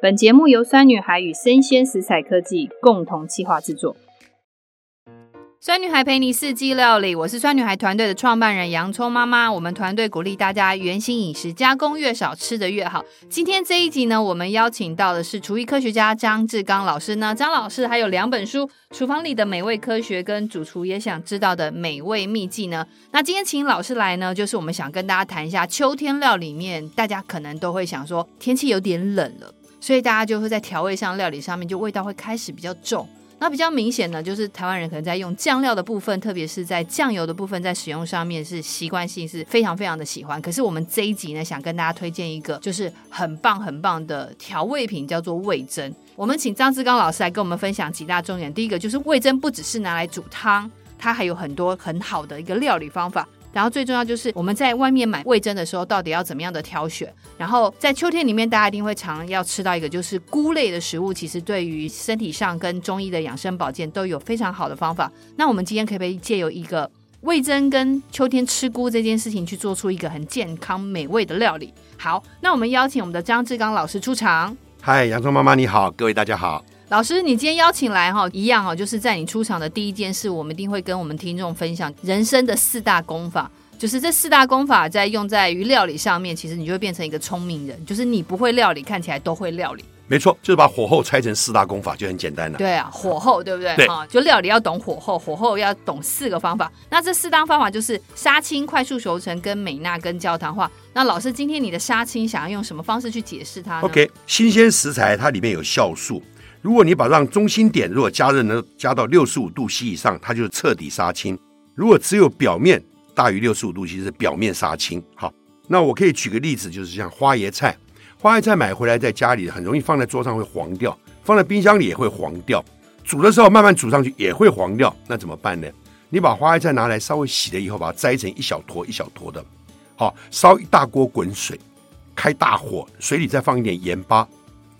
本節目由酸女孩與聲鮮時采科技共同企劃製作。酸女孩陪你四季料理，我是酸女孩團隊的創辦人洋蔥媽媽。我們團隊鼓勵大家原型飲食，加工越少，吃的越好。今天這一集呢，我們邀請到的是廚藝科學家章致綱老師呢。章老師還有兩本書，《廚房裡的美味科學》跟《主廚也想知道的美味密技》呢。那今天請老師來呢，就是我們想跟大家談一下秋天料理嘛，大家可能都會想說，天氣有點冷了。所以大家就會在調味上、料理上面，就味道會開始比較重。那比較明顯呢，就是台灣人可能在用醬料的部分，特別是在醬油的部分，在使用上面是習慣性是非常非常的喜歡。可是我們這一集呢，想跟大家推薦一個就是很棒很棒的調味品，叫做味噌。我們請章致綱老師來跟我們分享幾大重點。第一個就是味噌不只是拿來煮湯，它還有很多很好的一個料理方法。然後最重要就是我們在外面買味噌的時候，到底要怎麼樣的挑選？然後在秋天裡面，大家一定會常要吃到一個，就是菇類的食物。其實對於身體上跟中醫的養生保健都有非常好的方法。那我們今天可不可以借由一個味噌跟秋天吃菇這件事情，去做出一個很健康美味的料理？好，那我們邀請我們的章致綱老師出場。嗨，洋蔥媽媽你好，各位大家好。老師，你今天邀請來哈，一樣哈，就是在你出場的第一件事，我們一定會跟我們聽眾分享人生的四大功法。就是這四大功法在用在於料理上面，其實你就會變成一個聰明人。就是你不會料理，看起來都會料理。沒錯，就是把火候拆成四大功法就很簡單了。對啊，火候對不對？對啊，就料理要懂火候，火候要懂四個方法。那這四大方法就是殺青、快速熟成、跟梅納跟焦糖化。那老師，今天你的殺青想要用什麼方式去解釋它呢？OK，新鮮食材它裡面有酵素。如果你把讓中心點如果加熱呢，加到六十五度 C 以上，它就徹底殺青；如果只有表面大於六十五度 C 是表面殺青。好，那我可以舉個例子，就是像花椰菜，花椰菜買回來在家裡很容易放在桌上會黃掉，放在冰箱裡也會黃掉，煮的時候慢慢煮上去也會黃掉。那怎麼辦呢？你把花椰菜拿來稍微洗了以後，把它摘成一小坨一小坨的。好，燒一大鍋滾水，開大火，水裡再放一點鹽巴。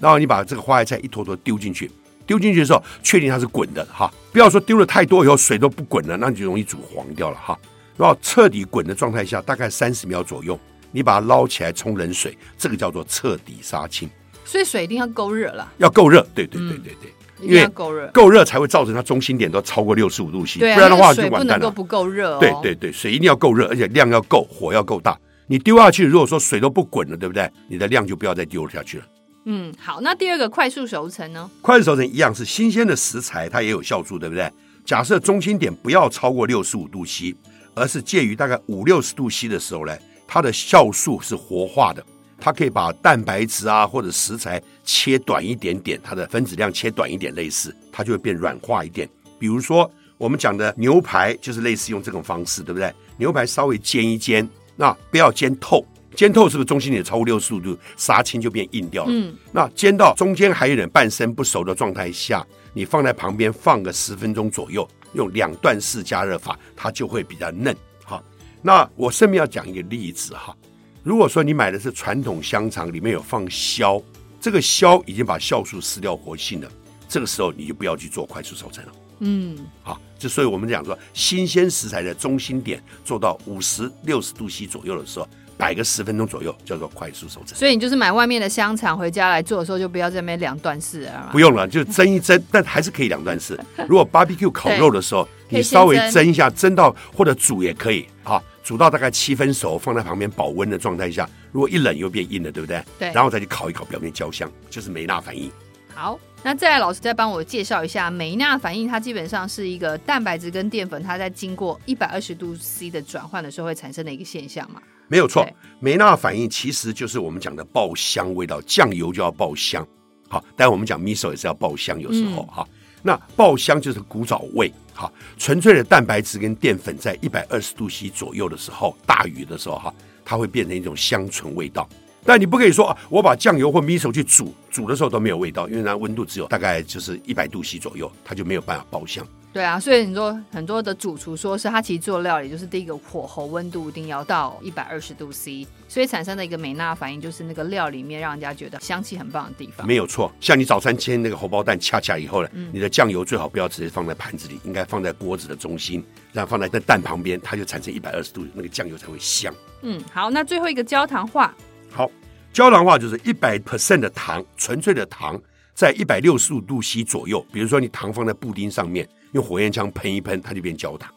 然後你把這個花椰菜一坨坨丟進去，丟進去的時候確定它是滾的哈，不要說丟了太多以後水都不滾了，那你就容易煮黃掉了哈。然後徹底滾的狀態下，大概三十秒左右，你把它撈起來沖冷水，這個叫做徹底殺青。所以水一定要夠熱了，要夠熱，對對對對對，嗯、因為夠熱，夠熱才會造成它中心點都超過六十五度 C，啊、不然的話就完蛋了。水不能夠不夠熱、哦，對對對，水一定要夠熱，而且量要夠，火要夠大。你丟下去，如果說水都不滾了，對不對？你的量就不要再丟下去了。嗯，好，那第二個快速熟成呢？快速熟成一樣是新鮮的食材，它也有酵素，對不對？假設中心點不要超過六十五度 C，而是介於大概五六十度 C 的時候呢，它的酵素是活化的，它可以把蛋白質啊或者食材切短一點點，它的分子量切短一點，類似它就會變軟化一點。比如說我們講的牛排，就是類似用這種方式，對不對？牛排稍微煎一煎，那不要煎透。煎透，是不是中心點超過六十五度，殺青就變硬掉了。嗯，那煎到中間還有點半生不熟的狀態下，你放在旁邊放個十分鐘左右，用兩段式加熱法，它就會比較嫩。好，那我順便要講一個例子哈。如果說你買的是傳統香腸，裡面有放硝，這個硝已經把酵素失掉活性了，這個時候你就不要去做快速熟成了。嗯，好，就所以我們講說，新鮮食材的中心點做到五十六十度 C 左右的時候，擺個十分鐘左右叫做快速熟成。所以你就是買外面的香腸回家來做的時候，就不要在那邊兩段式啊。不用了，就蒸一蒸， 但還是可以兩段式。如果 barbecue 烤肉的時候，你稍微蒸一下，蒸到或者煮也可以啊，煮到大概七分熟，放在旁邊保溫的狀態下，如果一冷又變硬了，對不對？對。然後再去烤一烤，表面焦香，就是梅納反應。好。那再來，老師再幫我介紹一下梅納反應，它基本上是一個蛋白質跟澱粉，它在經過一百二十度 C 的轉換的時候，會產生的一個現象嘛？沒有錯，對梅納反應其實就是我們講的爆香味道，醬油就要爆香。好，但我們講 miso 也是要爆香，有時候哈，嗯、那爆香就是古早味。哈，純粹的蛋白質跟澱粉在一百二十度 C 左右的時候，大雨的時候哈，它會變成一種香醇味道。但你不可以說啊，我把醬油或味噌去煮煮的時候都沒有味道，因為它溫度只有大概就是一百度 C 左右，它就沒有辦法爆香。對啊，所以你說很多的主廚說是他其實做料理，就是第一個火候溫度一定要到一百二十度 C，所以產生的一個梅納反應就是那個料裡面讓人家覺得香氣很棒的地方。沒有錯，像你早餐煎那個荷包蛋，恰恰以後呢，嗯、你的醬油最好不要直接放在盤子裡，應該放在鍋子的中心，然後放在在蛋旁邊，它就產生一百二十度，那個醬油才會香。嗯，好，那最後一個焦糖化。好，焦糖化就是一百 percent 的糖，純粹的糖，在一百六十五度 C 左右。比如說，你糖放在布丁上面，用火焰槍噴一噴，它就變焦糖。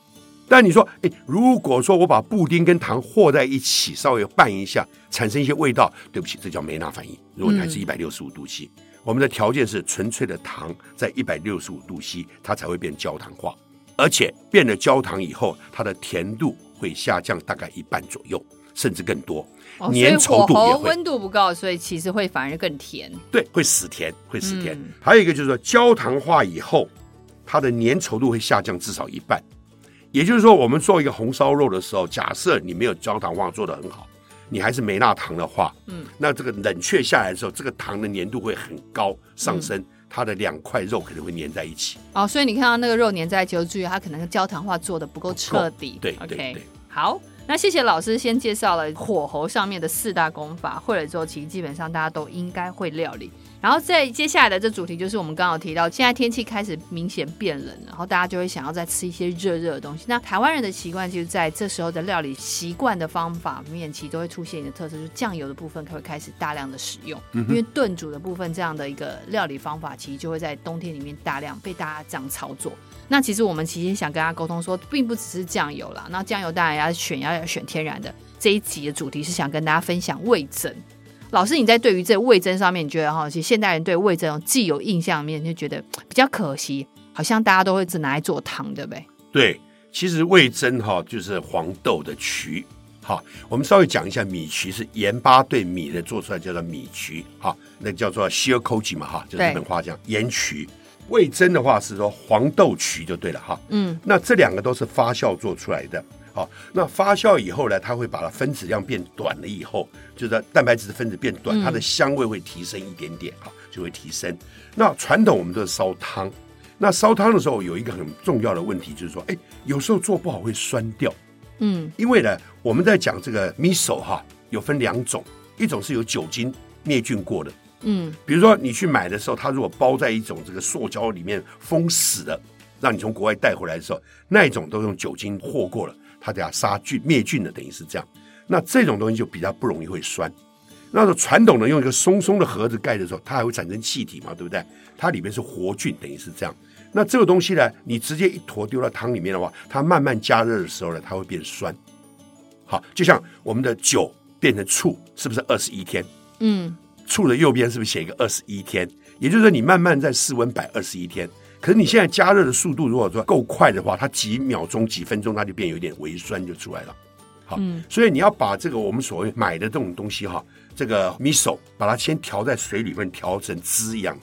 但你說，哎，如果說我把布丁跟糖和在一起，稍微拌一下，產生一些味道，對不起，這叫梅納反應。如果你還是一百六十五度 C，嗯、我們的條件是純粹的糖在一百六十五度 C，它才會變焦糖化，而且變了焦糖以後，它的甜度會下降大概一半左右。甚至更多，黏稠度、哦、黏稠度也會溫度不夠，所以其實會反而更甜。對，會死甜，會死甜。嗯、還有一個就是說焦糖化以後，它的黏稠度會下降至少一半。也就是說，我們做一個紅燒肉的時候，假設你沒有焦糖化做得很好，你還是沒那糖的話，嗯，那這個冷卻下來的時候，這個糖的粘度會很高，上升，嗯、它的兩塊肉可能會粘在一起。哦，所以你看到那個肉粘在一起，就注意它可能焦糖化做得不夠徹底。對，對，對，OK，好。那謝謝老師，先介紹了火候上面的四大功法，會了之後，其實基本上大家都應該會料理。然後在接下來的這主題，就是我們剛好提到，現在天氣開始明顯變冷，然後大家就會想要再吃一些熱熱的東西。那台灣人的習慣，就是在這時候的料理習慣的方法面，其實都會出現一個特色，就是醬油的部分，可以會開始大量的使用。因為燉煮的部分，這樣的一個料理方法，其實就會在冬天裡面大量被大家這樣操作。那其實我們其實想跟大家溝通說，並不只是醬油啦，那醬油當然要選，要要選天然的。這一集的主題是想跟大家分享味噌。老師，你在對於這味噌上面，你覺得哈，其實現代人對味噌既有印象面，就覺得比較可惜，好像大家都會只拿來做湯，對不對？對，其實味噌哈就是黃豆的曲哈，我們稍微講一下，米曲是鹽巴對米的做出來叫做米曲哈，那個、叫做西爾寇吉嘛哈，就是、日本話講鹽曲。味噌的話是說黃豆曲就對了哈，嗯，那這兩個都是發酵做出來的。好、哦，那發酵以後呢，它會把它分子量變短了以後，就是蛋白質的分子變短，嗯、它的香味會提升一點點啊，就會提升。那傳統我們都是燒湯，那燒湯的時候有一個很重要的問題就是說，哎，有時候做不好會酸掉。嗯，因為呢，我們在講這個 miso 哈、啊，有分兩種，一種是有酒精滅菌過的。嗯，比如說你去買的時候，它如果包在一種這個塑膠裡面封死的，讓你從國外帶回來的時候，那一種都用酒精和過了。它等下殺菌滅菌的，等於是這樣。那這種東西就比較不容易會酸。那個傳統的用一個鬆鬆的盒子蓋的時候，它還會產生氣體嘛，對不對？它裡面是活菌，等於是這樣。那這個東西呢，你直接一坨丟到湯裡面的話，它慢慢加熱的時候呢，它會變酸。好，就像我們的酒變成醋，是不是二十一天？嗯，醋的右邊是不是寫一個二十一天？也就是說，你慢慢在室溫擺二十一天。可是你現在加熱的速度，如果說夠快的話，它幾秒鐘、幾分鐘，它就變有點微酸就出來了。好，嗯、所以你要把這個我們所謂買的這種東西哈，這個味噌，把它先調在水裡面調成汁一樣，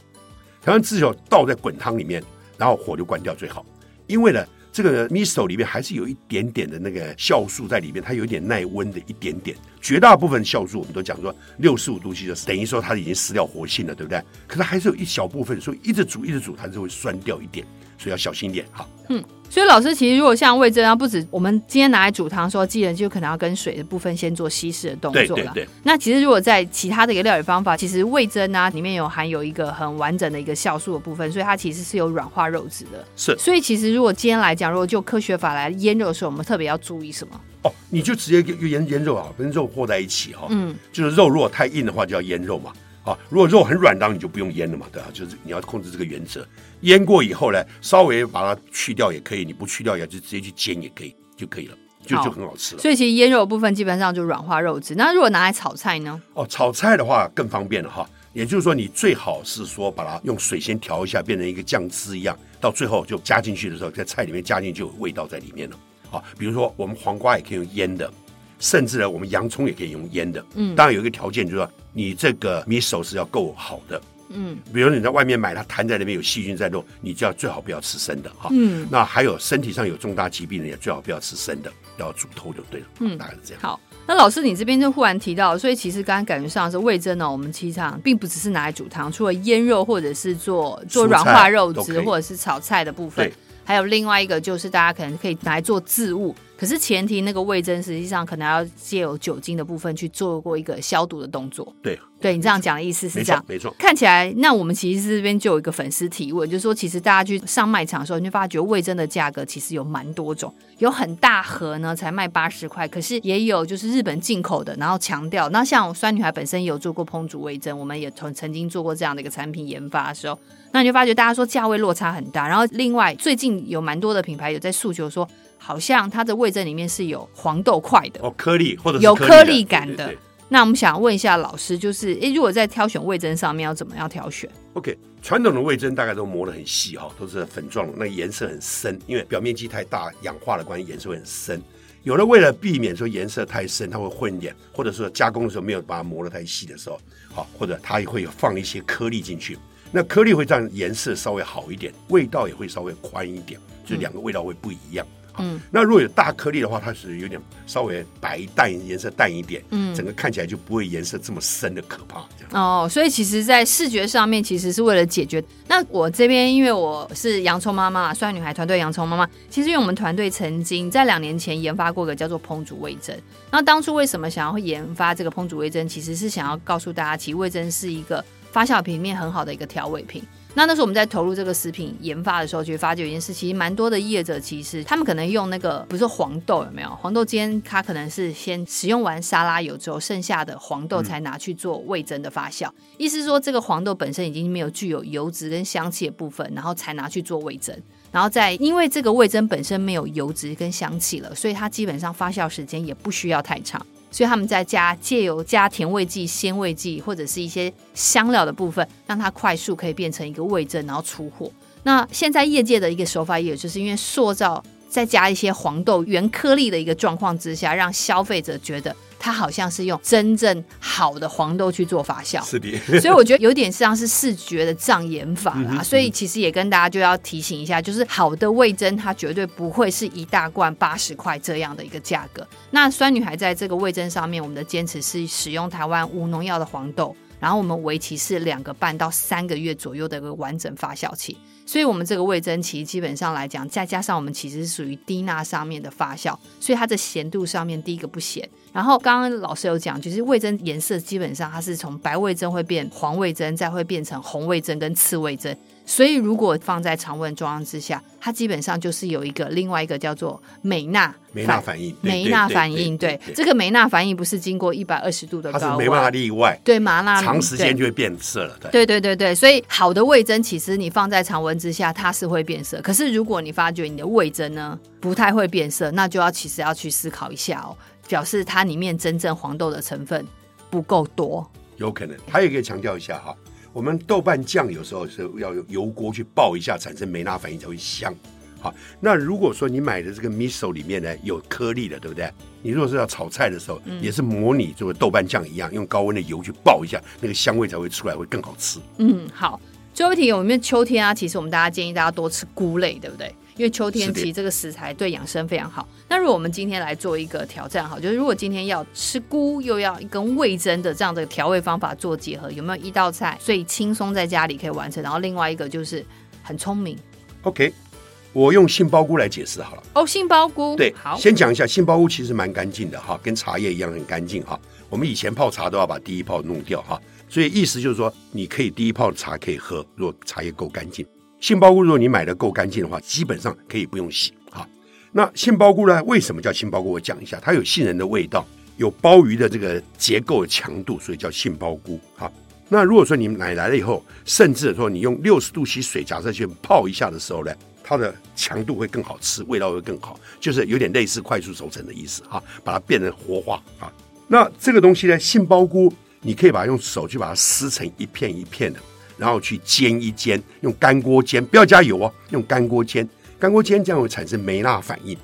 調完汁以後倒在滾湯裡面，然後火就關掉最好，因為呢。這個 miso 裡面還是有一點點的那個酵素在裡面，它有一點耐溫的一點點。絕大部分酵素我們都講說六十五度其實，就是等於說它已經失掉活性了，對不對？可是還是有一小部分，所以一直煮一直煮，它就會酸掉一點，所以要小心一點哈。好嗯。所以老師，其實如果像味噌啊，不只我們今天拿來煮湯的時候，記得就可能要跟水的部分先做稀釋的動作了。對對對。那其實如果在其他的一個料理方法，其實味噌啊裡面有含有一個很完整的一個酵素的部分，所以它其實是有軟化肉質的。是。所以其實如果今天來講，如果就科學法來醃肉的時候，我們特別要注意什麼？哦，你就直接跟醃醃肉啊，跟肉和在一起哈。嗯。就是肉如果太硬的話，就要醃肉嘛。啊，如果肉很軟的話，你就不用醃了嘛，對吧、啊？就是你要控制這個原則。醃過以後呢，稍微把它去掉也可以，你不去掉也，就直接去煎也可以就可以了，就好就很好吃了。所以其實醃肉的部分基本上就軟化肉質。那如果拿來炒菜呢？哦、啊，炒菜的話更方便了哈、啊。也就是說，你最好是說把它用水先調一下，變成一個醬汁一樣，到最後就加進去的時候，在菜裡面加進去有味道在裡面了。啊，比如說我們黃瓜也可以用醃的。甚至呢，我們洋蔥也可以用醃的。嗯，當然有一個條件就是說，你這個米手是要夠好的。嗯，比如你在外面買，它攤在那邊有細菌在落，你就要最好不要吃生的哈。嗯，那還有身體上有重大疾病的你也最好不要吃生的，要煮透就對了。嗯，大概是這樣。好，那老師你這邊就忽然提到，所以其實剛剛感覺上是味噌呢、哦，我們其實並不只是拿來煮湯，除了醃肉或者是做做軟化肉質或者是炒菜的部分，還有另外一個就是大家可能可以拿來做漬物。可是前提，那個味噌實際上可能要藉由酒精的部分去做過一個消毒的動作。對，對，你這樣講的意思是這樣，沒錯。沒錯，看起來，那我們其實是這邊就有一個粉絲提問，就是說，其實大家去上賣場的時候，你就發覺味噌的價格其實有蠻多種，有很大盒呢才賣八十塊，可是也有就是日本進口的，然後強調那像酸女孩本身也有做過烹煮味噌，我們也曾曾經做過這樣的一個產品研發的時候，那你就發覺大家說價位落差很大。然後另外最近有蠻多的品牌有在訴求說。好像它的味噌裡面是有黃豆塊的哦，顆粒或者是顆粒有顆粒感的。對對對。那我們想問一下老師，就是誒，如果在挑選味噌上面要怎麼樣挑選？OK，傳統的味噌大概都磨得很細哈，都是粉狀，那顏色很深，因為表面積太大，氧化的關係顏色會很深。有的為了避免說顏色太深，它會混一點，或者說加工的時候沒有把它磨得太細的時候，好，或者它也會放一些顆粒進去。那顆粒會讓顏色稍微好一點，味道也會稍微寬一點，嗯、就兩個味道會不一樣。嗯，那如果有大顆粒的話，它是有點稍微白淡，顏色淡一點，嗯，整個看起來就不會顏色這麼深的可怕這樣。哦，所以其實，在視覺上面，其實是為了解決。那我這邊因為我是洋蔥媽媽，酸女孩團隊，洋蔥媽媽其實因為我們團隊曾經在兩年前研發過一個叫做烹煮味噌。那當初為什麼想要研發這個烹煮味噌？其實是想要告訴大家，其實味噌是一個。發酵品裡面很好的一個調味品。那那時候我們在投入這個食品研發的時候，就發覺一件事，其實蠻多的業者其實他們可能用那個比如說黃豆有沒有？黃豆煎它可能是先使用完沙拉油之後，剩下的黃豆才拿去做味噌的發酵。嗯、意思是說，這個黃豆本身已經沒有具有油脂跟香氣的部分，然後才拿去做味噌。然後再因為這個味噌本身沒有油脂跟香氣了，所以它基本上發酵時間也不需要太長。所以他們在加，借由加甜味劑、鮮味劑或者是一些香料的部分，讓它快速可以變成一個味噌，然後出貨。那現在業界的一個手法也有，就是因為塑造再加一些黃豆原顆粒的一個狀況之下，讓消費者覺得。它好像是用真正好的黃豆去做發酵。是的，所以我覺得有點像是視覺的障眼法啦。所以其實也跟大家就要提醒一下，就是好的味噌它絕對不會是一大罐八十塊這樣的一個價格。那酸女孩在這個味噌上面，我們的堅持是使用台灣無農藥的黃豆。然後我們維持是兩個半到三個月左右的一個完整發酵期，所以我們這個味噌其實基本上來講，再加上我們其實是屬於低鈉上面的發酵，所以它的鹹度上面第一個不鹹。然後剛剛老師有講，就是味噌顏色基本上它是從白味噌會變黃味噌，再會變成紅味噌跟赤味噌。所以，如果放在常溫狀況之下，它基本上就是有一個另外一個叫做梅納梅納反應，梅納反應。對，這個梅納反應不是經過一百二十度的高溫，它是沒辦法例外。對，麻辣長時間就會變色了。對，對，對，對。所以，好的味噌其實你放在常溫之下，它是會變色。可是，如果你發覺你的味噌呢不太會變色，那就要其實要去思考一下哦，表示它裡面真正黃豆的成分不夠多。有可能，還也可以強調一下哈。我們豆瓣醬有時候是要用油鍋去爆一下，產生梅納反應才會香。好，那如果說你買的這個 miso 裡面呢有顆粒的，對不對？你如果是要炒菜的時候，也是模擬這個豆瓣醬一樣，嗯、用高溫的油去爆一下，那個香味才會出來，會更好吃。嗯，好。最後一題我們秋天啊，其實我們大家建議大家多吃菇類，對不對？因為秋天其實這個食材對養生非常好。點那如果我們今天來做一個挑戰，哈，就是如果今天要吃菇，又要跟味噌的這樣的調味方法做結合，有沒有一道菜所以輕鬆在家裡可以完成？然後另外一個就是很聰明。OK，我用杏鮑菇來解釋好了。哦，oh, 杏鮑菇，對，好，先講一下杏鮑菇其實蠻乾淨的哈，跟茶葉一樣很乾淨哈。我們以前泡茶都要把第一泡弄掉哈，所以意思就是說你可以第一泡茶可以喝，如果茶葉夠乾淨。杏鮑菇，如果你買的夠乾淨的話，基本上可以不用洗哈。那杏鮑菇呢？為什麼叫杏鮑菇？我講一下，它有杏仁的味道，有鮑魚的這個結構的強度，所以叫杏鮑菇哈。那如果說你買來了以後，甚至說你用六十度洗水，假設去泡一下的時候呢，它的強度會更好吃，味道會更好，就是有點類似快速熟成的意思哈，把它變成活化啊。那這個東西呢，杏鮑菇你可以把它用手去把它撕成一片一片的。然後去煎一煎，用乾鍋煎，不要加油哦，用乾鍋煎，乾鍋煎這樣會產生美拉反應。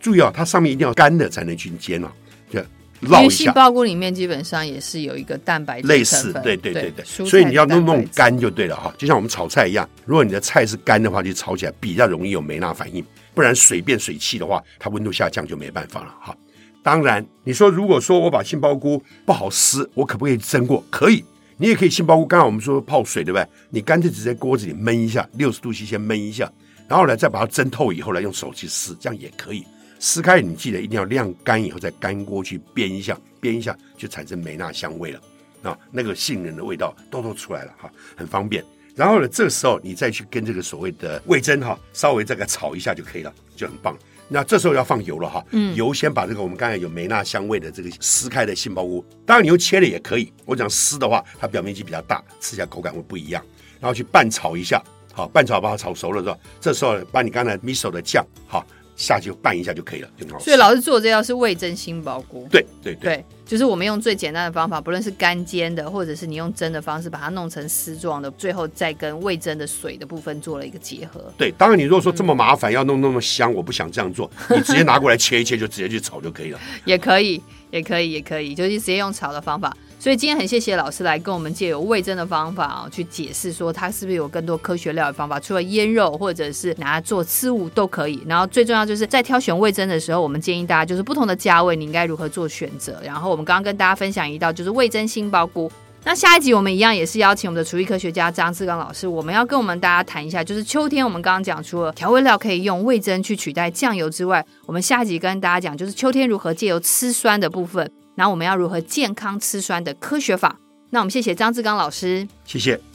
注意啊、哦，它上面一定要乾的才能去煎啊、哦，就烙一下。因為杏鮑菇裡面基本上也是有一個蛋白質的成分類似分，對對對對，對，所以你要弄弄乾就對了哈。就像我們炒菜一樣，如果你的菜是乾的話，就炒起來比較容易有美拉反應，不然水變水汽的話，它溫度下降就沒辦法了哈。當然，你說如果說我把杏鮑菇不好撕，我可不可以蒸過？可以。你也可以杏鮑菇，剛剛我們說的泡水，對不對？你乾脆直接在鍋子裡燜一下，六十度去先燜一下，然後呢，再把它蒸透以後呢，用手去撕，這樣也可以撕開。你記得一定要晾乾以後再乾鍋去煸一下，煸一下就產生梅納香味了啊，那個杏仁的味道都都出來了哈，很方便。然後呢，這個時候你再去跟這個所謂的味噌哈，稍微再給它炒一下就可以了，就很棒。那這時候要放油了哈，嗯、油先把這個我們剛才有梅納香味的這個撕開的杏鮑菇，當然你用切的也可以。我講撕的話，它表面積比較大，吃起來口感會不一樣。然後去拌炒一下，拌好，好，拌炒把它炒熟了之後，這時候把你剛才 miso 的醬，好。下去拌一下就可以了，所以老師做的這道是味噌杏鮑菇。對對對，對，就是我們用最簡單的方法，不論是乾煎的，或者是你用蒸的方式把它弄成絲狀的，最後再跟味噌的水的部分做了一個結合。對，當然你如果說這麼麻煩、嗯、要弄那麼香，我不想這樣做，你直接拿過來切一切 就直接去炒就可以了。也可以，也可以，也可以，就是直接用炒的方法。所以今天很謝謝老師來跟我們借由味噌的方法、哦、去解釋說，它是不是有更多科學料理方法，除了醃肉或者是拿來做吃物都可以。然後最重要就是在挑選味噌的時候，我們建議大家就是不同的價位你應該如何做選擇。然後我們剛剛跟大家分享一道就是味噌杏鮑菇。那下一集我們一樣也是邀請我們的廚藝科學家章致綱老師，我們要跟我們大家談一下，就是秋天我們剛剛講除了調味料可以用味噌去取代醬油之外，我們下一集跟大家講就是秋天如何借由吃酸的部分。那我們要如何健康吃酸的科學法？那我們謝謝章致綱老師，謝謝。